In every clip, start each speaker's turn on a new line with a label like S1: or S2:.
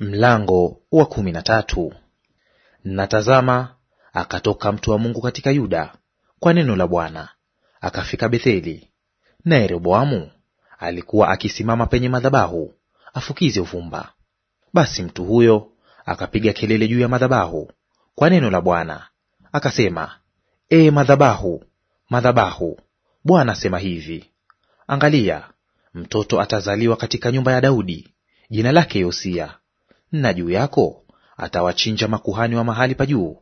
S1: Mlango wa kumi na tatu. Na tazama, akatoka mtu wa Mungu katika Yuda kwa neno la Bwana, akafika Betheli. na yeroboamu alikuwa akisimama penye madhabahu afukize uvumba. Basi mtu huyo akapiga kelele juu ya madhabahu kwa neno la Bwana, akasema, Ee madhabahu, madhabahu, Bwana asema hivi, angalia, mtoto atazaliwa katika nyumba ya Daudi, jina lake Yosia na juu yako atawachinja makuhani wa mahali pa juu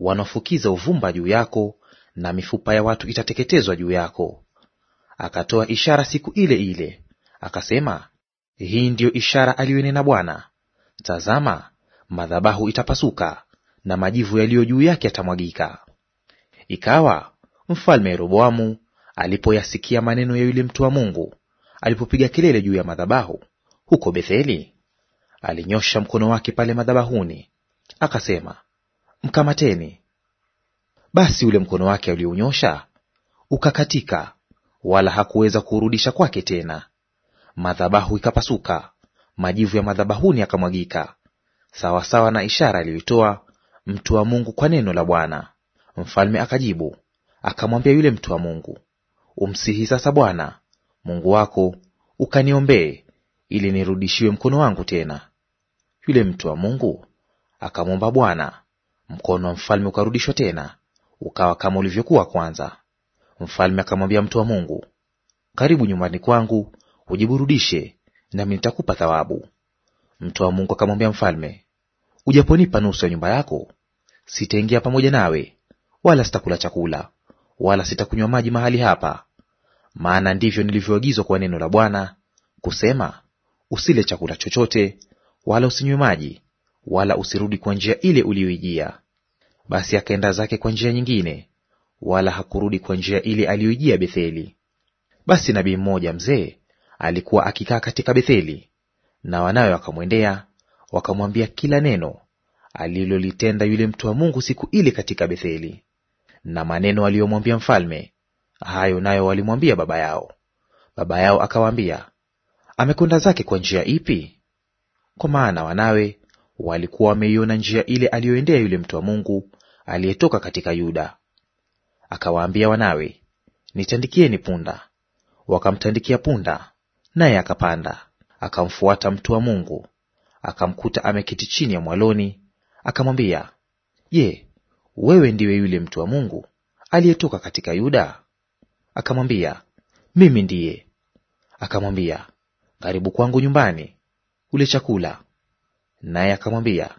S1: wanaofukiza uvumba juu yako, na mifupa ya watu itateketezwa juu yako. Akatoa ishara siku ile ile, akasema, hii ndiyo ishara aliyonena Bwana, tazama, madhabahu itapasuka na majivu yaliyo juu yake yatamwagika. Ikawa mfalme Yeroboamu alipoyasikia maneno ya yule mtu wa Mungu, alipopiga kelele juu ya madhabahu huko Betheli, alinyosha mkono wake pale madhabahuni, akasema, Mkamateni. Basi ule mkono wake aliounyosha ukakatika, wala hakuweza kuurudisha kwake tena. Madhabahu ikapasuka, majivu ya madhabahuni yakamwagika, sawasawa na ishara aliyoitoa mtu wa Mungu kwa neno la Bwana. Mfalme akajibu akamwambia yule mtu wa Mungu, umsihi sasa Bwana Mungu wako ukaniombee, ili nirudishiwe mkono wangu tena. Yule mtu wa Mungu akamwomba Bwana, mkono wa mfalme ukarudishwa tena, ukawa kama ulivyokuwa kwanza. Mfalme akamwambia mtu wa Mungu, karibu nyumbani kwangu ujiburudishe, nami nitakupa thawabu. Mtu wa Mungu akamwambia mfalme, ujaponipa nusu ya nyumba yako, sitaingia pamoja nawe, wala sitakula chakula wala sitakunywa maji mahali hapa, maana ndivyo nilivyoagizwa kwa neno la Bwana kusema, usile chakula chochote wala usinywe maji, wala usirudi kwa njia ile uliyoijia. Basi akaenda zake kwa njia nyingine, wala hakurudi kwa njia ile aliyoijia Betheli. Basi nabii mmoja mzee alikuwa akikaa katika Betheli, na wanawe wakamwendea wakamwambia kila neno alilolitenda yule mtu wa Mungu siku ile katika Betheli, na maneno aliyomwambia mfalme, hayo nayo walimwambia baba yao. Baba yao akawaambia, amekwenda zake kwa njia ipi? kwa maana wanawe walikuwa wameiona njia ile aliyoendea yule mtu wa Mungu aliyetoka katika Yuda. Akawaambia wanawe, nitandikieni punda. Wakamtandikia punda, naye akapanda, akamfuata mtu wa Mungu, akamkuta ameketi chini ya mwaloni, akamwambia, Je, wewe ndiwe yule mtu wa Mungu aliyetoka katika Yuda? Akamwambia, mimi ndiye. Akamwambia, karibu kwangu nyumbani ule chakula. Naye akamwambia,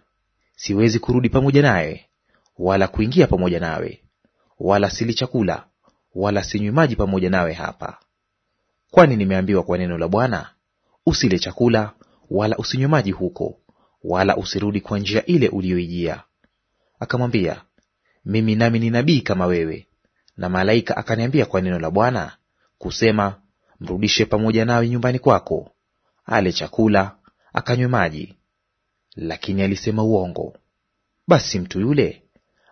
S1: siwezi kurudi pamoja naye, wala kuingia pamoja nawe, wala sili chakula wala sinywi maji pamoja nawe hapa, kwani nimeambiwa kwa neno la Bwana, usile chakula wala usinywe maji huko, wala usirudi kwa njia ile uliyoijia. Akamwambia, mimi nami ni nabii kama wewe, na malaika akaniambia kwa neno la Bwana kusema, mrudishe pamoja nawe nyumbani kwako, ale chakula akanywe maji, lakini alisema uongo. Basi mtu yule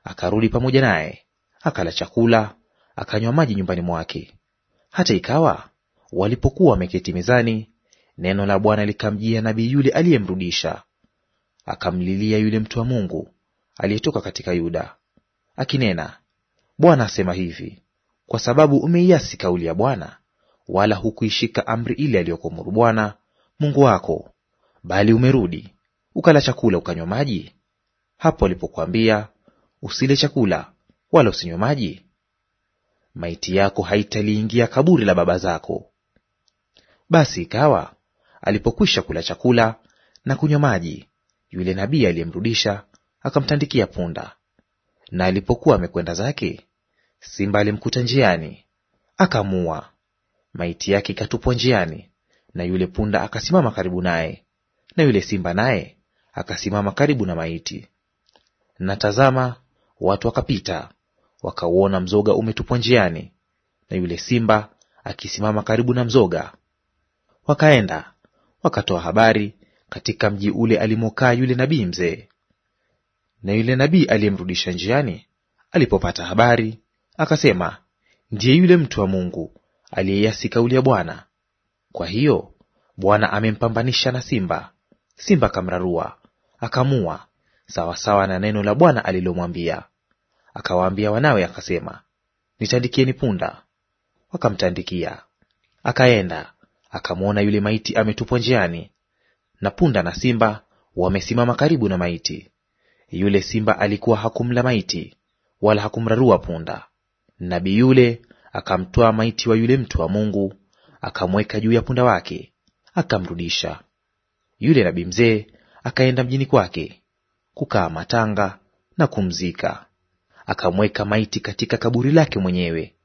S1: akarudi pamoja naye, akala chakula, akanywa maji nyumbani mwake. Hata ikawa walipokuwa wameketi mezani, neno la Bwana likamjia nabii yule aliyemrudisha. Akamlilia yule mtu wa Mungu aliyetoka katika Yuda akinena, Bwana asema hivi, kwa sababu umeiasi kauli ya Bwana, wala hukuishika amri ile aliyokuamuru Bwana Mungu wako bali umerudi ukala chakula ukanywa maji hapo alipokuambia usile chakula wala usinywe maji, maiti yako haitaliingia kaburi la baba zako. Basi ikawa alipokwisha kula chakula na kunywa maji, yule nabii aliyemrudisha akamtandikia punda, na alipokuwa amekwenda zake, simba alimkuta njiani akamua Maiti yake ikatupwa njiani, na yule punda akasimama karibu naye na yule simba naye akasimama karibu na maiti. Na tazama, watu wakapita wakauona mzoga umetupwa njiani, na yule simba akisimama karibu na mzoga. Wakaenda wakatoa habari katika mji ule alimokaa yule nabii mzee. Na yule nabii aliyemrudisha njiani alipopata habari, akasema, ndiye yule mtu wa Mungu aliyeyasi kauli ya Bwana. Kwa hiyo Bwana amempambanisha na simba simba akamrarua akamua, sawasawa na neno la Bwana alilomwambia. Akawaambia wanawe akasema, nitandikieni punda. Wakamtandikia. Akaenda akamwona yule maiti ametupwa njiani, na punda na simba wamesimama karibu na maiti. Yule simba alikuwa hakumla maiti wala hakumrarua punda. Nabii yule akamtoa maiti wa yule mtu wa Mungu, akamweka juu ya punda wake, akamrudisha. Yule nabii mzee akaenda mjini kwake kukaa matanga na kumzika. Akamweka maiti katika kaburi lake mwenyewe,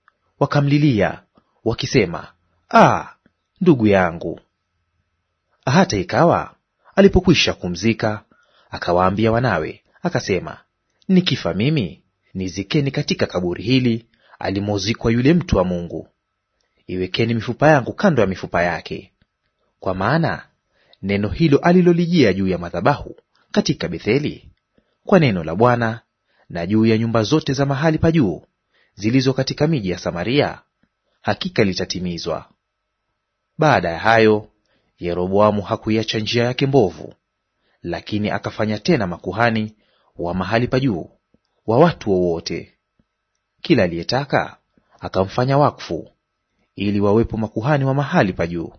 S1: wakamlilia wakisema, ah, ndugu yangu. Hata ikawa alipokwisha kumzika, akawaambia wanawe akasema, nikifa mimi nizikeni katika kaburi hili alimozikwa yule mtu wa Mungu. Iwekeni mifupa yangu kando ya mifupa yake, kwa maana neno hilo alilolijia juu ya madhabahu katika Betheli kwa neno la Bwana na juu ya nyumba zote za mahali pa juu zilizo katika miji ya Samaria, hakika litatimizwa. Baada ya hayo, Yeroboamu hakuiacha njia yake mbovu, lakini akafanya tena makuhani wa mahali pa juu wa watu wowote. Kila aliyetaka akamfanya wakfu, ili wawepo makuhani wa mahali pa juu.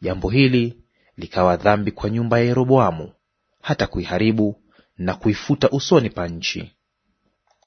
S1: Jambo hili likawa dhambi kwa nyumba ya Yeroboamu, hata kuiharibu na kuifuta usoni pa nchi.